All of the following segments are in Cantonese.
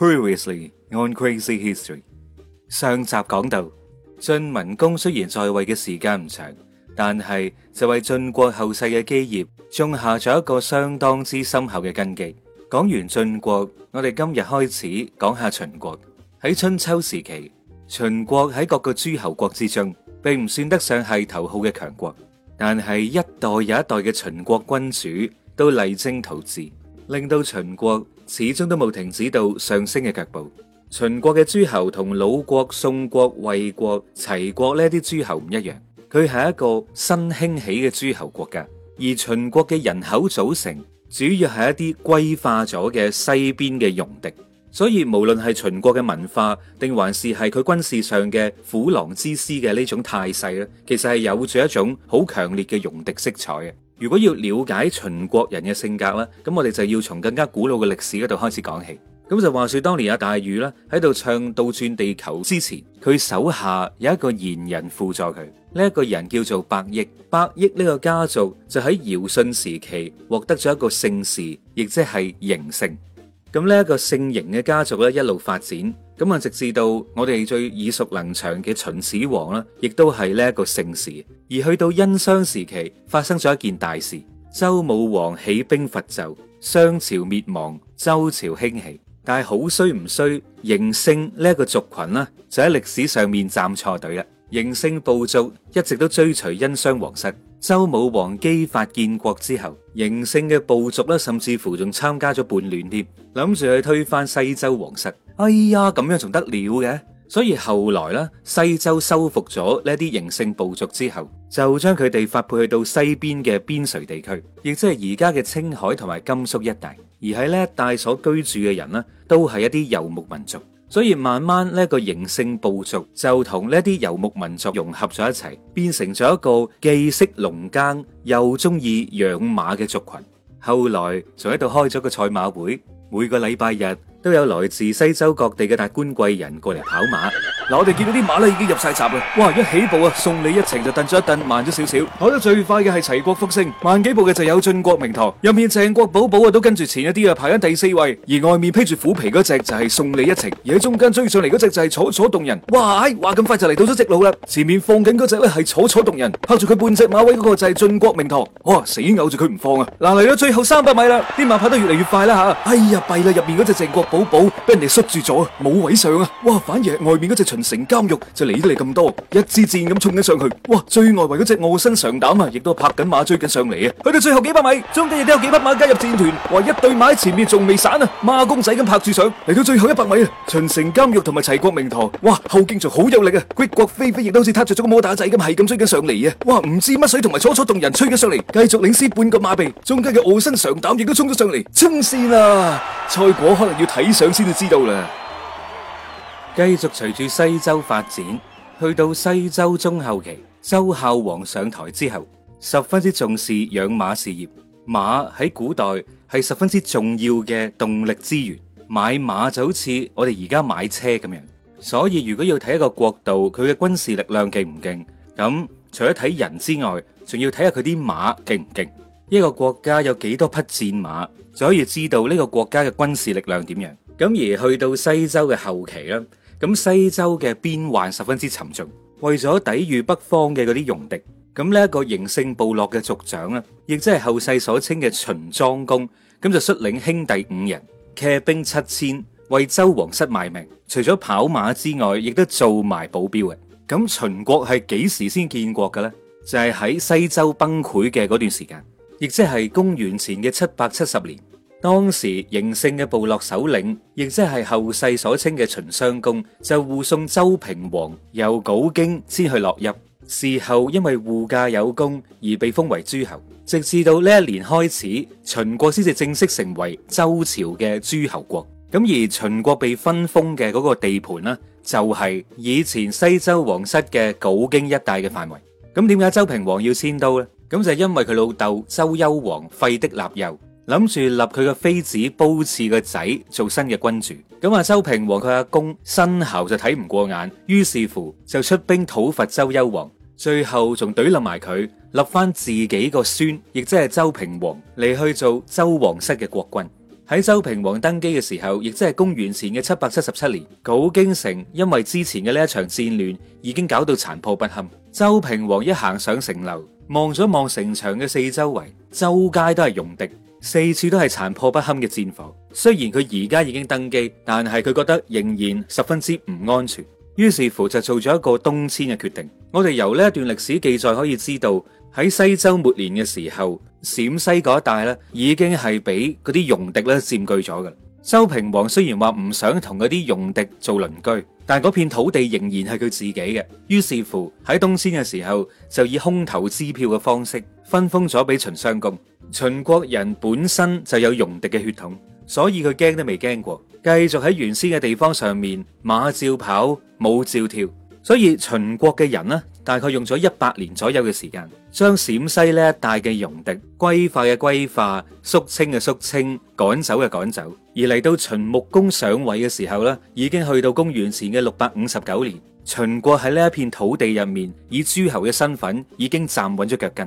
Previously on Crazy History，上集講到晉文公雖然在位嘅時間唔長，但係就為晉國後世嘅基業種下咗一個相當之深厚嘅根基。講完晉國，我哋今日開始講下秦國。喺春秋時期，秦國喺各個諸侯國之中，並唔算得上係頭號嘅強國，但係一代又一代嘅秦國君主都勵精圖治，令到秦國，始終都冇停止到上升嘅腳步。秦國嘅諸侯同魯國、宋國、魏國、齊國呢啲諸侯唔一樣，佢係一個新興起嘅諸侯國家。而秦國嘅人口組成主要係一啲歸化咗嘅西邊嘅戎狄，所以無論係秦國嘅文化定還是係佢軍事上嘅虎狼之師嘅呢種態勢咧，其實係有住一種好強烈嘅戎狄色彩啊。如果要了解秦國人嘅性格咧，咁我哋就要從更加古老嘅歷史嗰度開始講起。咁就話說當年阿大禹咧喺度唱倒轉地球之前，佢手下有一個賢人輔助佢，呢、這、一個人叫做伯益。伯益呢個家族就喺堯舜時期獲得咗一個姓氏，亦即係嬴姓。咁呢一個姓嬴嘅家族咧一路發展，咁啊直至到我哋最耳熟能詳嘅秦始皇啦，亦都係呢一個姓氏。而去到殷商時期，發生咗一件大事，周武王起兵伐紂，商朝滅亡，周朝興起。但係好衰唔衰，嬴姓呢一個族群呢，就喺歷史上面站錯隊啦。嬴姓部族一直都追隨殷商皇室。周武王姬發建國之後，嬴姓嘅部族咧，甚至乎仲參加咗叛亂添，諗住去推翻西周皇室。哎呀，咁樣仲得了嘅？所以後來咧，西周收復咗呢啲嬴姓部族之後，就將佢哋發配去到西邊嘅邊陲地區，亦即係而家嘅青海同埋甘肅一帶。而喺呢一帶所居住嘅人呢，都係一啲遊牧民族。所以慢慢呢個嬴姓部族就同呢啲游牧民族融合咗一齊，變成咗一個既識農耕又中意養馬嘅族群。後來仲喺度開咗個賽馬會，每個禮拜日。都有來自西周各地嘅達官貴人過嚟跑馬。嗱、啊，我哋見到啲馬咧已經入晒閘啦。哇，一起步啊，送你一程就蹬咗一蹬，慢咗少少。跑得最快嘅係齊國福星，慢幾步嘅就有晉國明堂。入面鄭國寶寶啊都跟住前一啲啊排緊第四位。而外面披住虎皮嗰隻就係送你一程，而喺中間追上嚟嗰隻就係楚楚動人。哇，哇咁快就嚟到咗直路啦！前面放緊嗰隻咧係楚楚動人，拍住佢半隻馬位嗰個就係晉國明堂，哇，死咬住佢唔放啊！嗱、啊，嚟到最後三百米啦，啲馬跑得越嚟越快啦吓、啊。哎呀，弊啦，入面嗰隻鄭國，寶寶俾人哋塞住咗，冇位上啊！哇，反而係外面嗰隻秦城監獄就嚟得嚟咁多，一支箭咁衝緊上去。哇，最外圍嗰隻傲身上膽啊，亦都拍緊馬追緊上嚟啊！去到最後幾百米，中間亦都有幾匹馬加入戰團，哇，一對馬喺前面仲未散啊，孖公仔咁拍住上嚟到最後一百米啊！秦城監獄同埋齊國明堂，哇，後勁仲好有力啊！貴國飛飛亦都好似撻着咗個摩打仔咁係咁追緊上嚟啊！哇，唔知乜水同埋楚楚動人吹，吹緊上嚟，繼續領先半個馬鼻，中間嘅傲身上膽亦都衝咗上嚟，衝線啊！賽果可能要睇相先至知道啦。繼續隨住西周發展，去到西周中後期，周孝王上台之後，十分之重視養馬事業。馬喺古代係十分之重要嘅動力資源，買馬就好似我哋而家買車咁樣。所以如果要睇一個國度佢嘅軍事力量勁唔勁，咁除咗睇人之外，仲要睇下佢啲馬勁唔勁。一個國家有幾多匹戰馬？就可以知道呢個國家嘅軍事力量點樣。咁而去到西周嘅後期啦，咁西周嘅邊患十分之沉重，為咗抵御北方嘅嗰啲戎狄，咁呢一個嬴姓部落嘅族長呢，亦即係後世所稱嘅秦莊公，咁就率領兄弟五人，騎兵七千，為周王室賣命。除咗跑馬之外，亦都做埋保鏢嘅。咁秦國係幾時先建國嘅呢？就係喺西周崩潰嘅嗰段時間，亦即係公元前嘅七百七十年。當時嬴姓嘅部落首領，亦即係後世所稱嘅秦襄公，就護送周平王由鎬京先去洛邑。事後因為護駕有功，而被封為諸侯。直至到呢一年開始，秦國先至正式成為周朝嘅諸侯國。咁而秦國被分封嘅嗰個地盤呢就係、是、以前西周皇室嘅鎬京一帶嘅範圍。咁點解周平王要遷都呢？咁就係因為佢老豆周幽王廢的立幼。諗住立佢個妃子褒姒個仔做新嘅君主，咁啊，周平王佢阿公申侯就睇唔過眼，於是乎就出兵討伐周幽王，最後仲懟冧埋佢，立翻自己個孫，亦即係周平王嚟去做周王室嘅國君。喺周平王登基嘅時候，亦即係公元前嘅七百七十七年，鎬京城因為之前嘅呢一場戰亂已經搞到殘破不堪。周平王一行上城樓，望咗望城牆嘅四周圍，周街都係戎狄。四處都係殘破不堪嘅戰火。雖然佢而家已經登基，但係佢覺得仍然十分之唔安全，於是乎就做咗一個東遷嘅決定。我哋由呢一段歷史記載可以知道，喺西周末年嘅時候，陝西嗰一帶咧已經係俾嗰啲戎狄咧佔據咗㗎。周平王雖然話唔想同嗰啲戎狄做鄰居，但係嗰片土地仍然係佢自己嘅。於是乎喺東遷嘅時候，就以空頭支票嘅方式分封咗俾秦襄公。秦國人本身就有戎狄嘅血統，所以佢驚都未驚過，繼續喺原先嘅地方上面馬照跑，舞照跳。所以秦國嘅人呢，大概用咗一百年左右嘅時間，將陝西呢一帶嘅戎狄歸化嘅歸化、肅清嘅肅清、趕走嘅趕走。而嚟到秦穆公上位嘅時候呢，已經去到公元前嘅六百五十九年，秦國喺呢一片土地入面，以諸侯嘅身份已經站穩咗腳跟。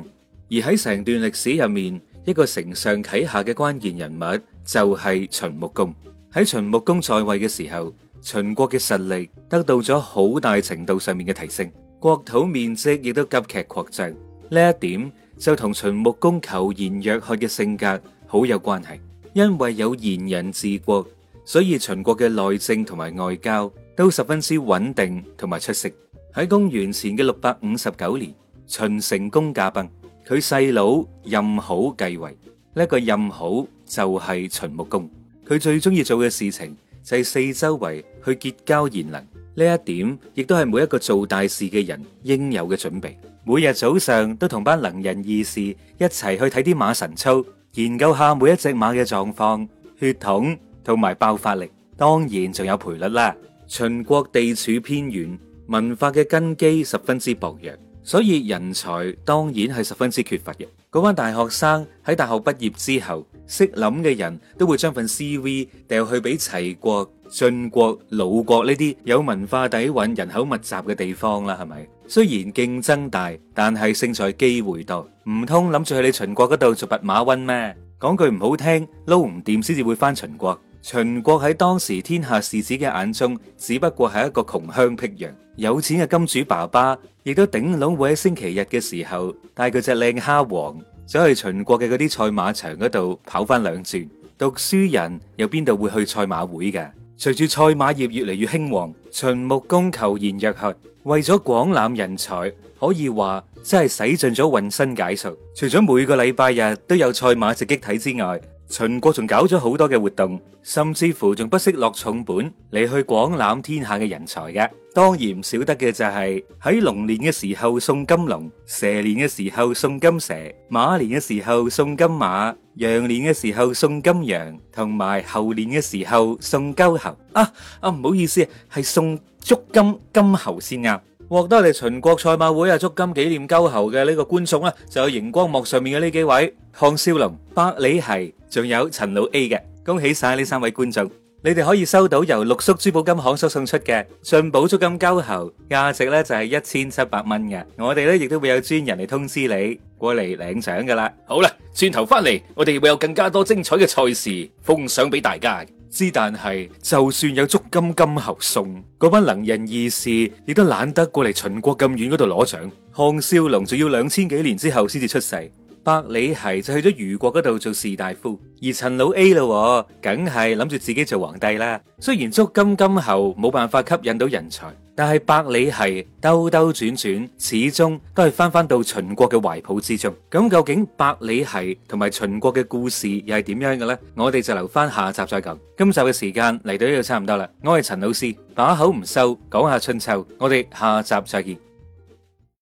而喺成段歷史入面，一個承上啟下嘅關鍵人物就係秦穆公。喺秦穆公在位嘅時候，秦國嘅實力得到咗好大程度上面嘅提升，國土面積亦都急劇擴張。呢一點就同秦穆公求賢若渴嘅性格好有關係。因為有賢人治國，所以秦國嘅內政同埋外交都十分之穩定同埋出色。喺公元前嘅六百五十九年，秦成公駕崩。佢細佬任好繼位，呢、這、一個任好就係秦穆公。佢最中意做嘅事情就係、是、四周圍去結交賢能，呢一點亦都係每一個做大事嘅人應有嘅準備。每日早上都同班能人異士一齊去睇啲馬神操，研究下每一隻馬嘅狀況、血統同埋爆發力，當然仲有賠率啦。秦國地處偏遠，文化嘅根基十分之薄弱。所以人才當然係十分之缺乏嘅。嗰班大學生喺大學畢業之後，識諗嘅人都會將份 CV 掉去俾齊國、晉國、魯國呢啲有文化底蘊、人口密集嘅地方啦，係咪？雖然競爭大，但係勝在機會多。唔通諗住去你秦國嗰度做弼馬溫咩？講句唔好聽，撈唔掂先至會返秦國。秦國喺當時天下士子嘅眼中，只不過係一個窮鄉僻壤。有錢嘅金主爸爸，亦都頂籠會喺星期日嘅時候，帶佢隻靚蝦王，走去秦國嘅嗰啲賽馬場嗰度跑翻兩轉。讀書人又邊度會去賽馬會㗎？隨住賽馬業越嚟越興旺，秦穆公求賢若渴，為咗廣攬人才，可以話真係使盡咗渾身解數。除咗每個禮拜日都有賽馬直擊睇之外，秦國仲搞咗好多嘅活動，甚至乎仲不惜落重本嚟去廣攬天下嘅人才嘅。當然唔少得嘅就係、是、喺龍年嘅時候送金龍，蛇年嘅時候送金蛇，馬年嘅時候送金馬，羊年嘅時候送金羊，同埋猴年嘅時候送鳩猴。啊啊，唔好意思，係送足金鳩猴先啊！獲得我哋秦國賽馬會啊足金紀念鳩猴嘅呢個觀眾啦，就有熒光幕上面嘅呢幾位：項少龍、百里奚，仲有陳老 A 嘅，恭喜晒呢三位觀眾！你哋可以收到由六叔珠寶金行所送出嘅晉寶足金鳩猴，價值咧就係一千七百蚊嘅。我哋咧亦都會有專人嚟通知你過嚟領獎噶啦。好啦，轉頭翻嚟，我哋會有更加多精彩嘅賽事奉上俾大家。之但係，就算有足金鳩猴送，嗰班能人異士亦都懶得過嚟秦國咁遠嗰度攞獎。項少龍就要兩千幾年之後先至出世，百里奚就去咗虞國嗰度做士大夫，而陳老 A 嘞，梗係諗住自己做皇帝啦。雖然足金鳩猴冇辦法吸引到人才，但係百里奚兜兜轉轉，始終都係翻翻到秦國嘅懷抱之中。咁究竟百里奚同埋秦國嘅故事又係點樣嘅呢？我哋就留翻下集再講。今集嘅時間嚟到呢度差唔多啦。我係陳老師，把口唔收，講下春秋。我哋下集再見。